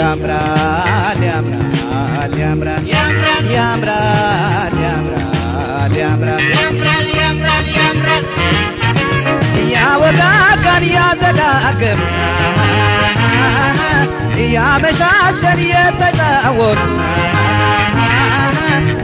ያምራል ያምራል ያምራል ያምራል ያምራል ያምራል ያምራል ያምራል ያምራል ያወጣቃል ያዘላግም ያመሻሸን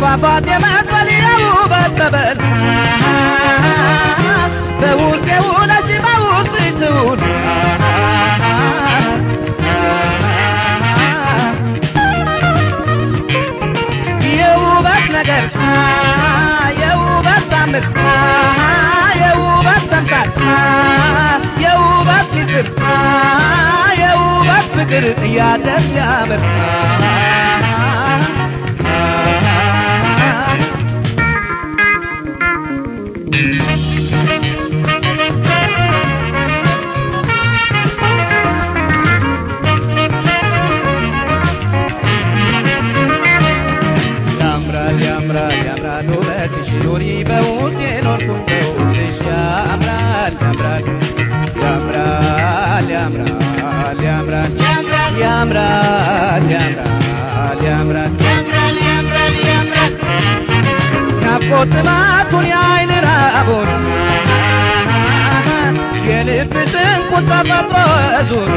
ፏፏቴ መሰል የውበት ይሰማል የውበት ፍቅር የውበት ፍቅር እያለ ሲያበራ ጥማቱን የአይን ራቡን የልብ ጥንቁን ተፈጥሮ እዙን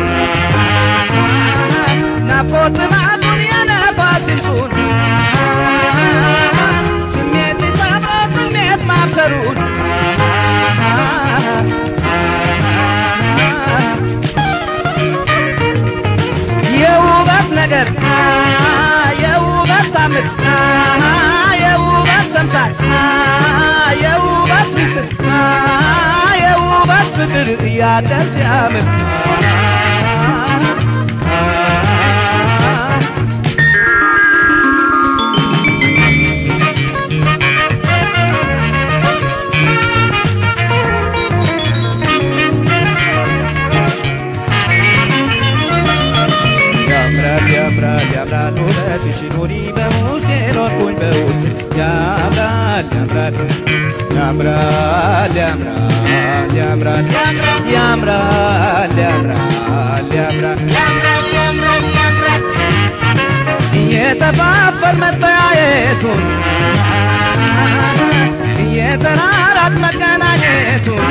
ናፍቆ ጥማቱን የነፋስ ድምፁን ስሜት ሰብሮ ስሜት ማብሰሩን የውበት ነገር የውበት ታምር ተምሳል የውበት ፍቅር የውበት ፍቅር እያለም ሲያምር ያምራል ያምራል ያምራል ያምራል ያምራል ያምራል ያምራል መጠያየቱን እየተራራት መገናኘቱን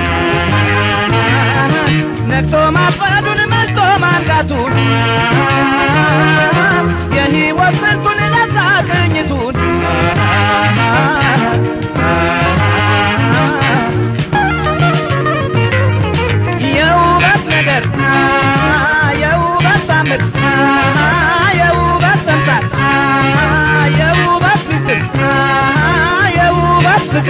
ነግቶ ማበዱን መልቶ ማንጋቱን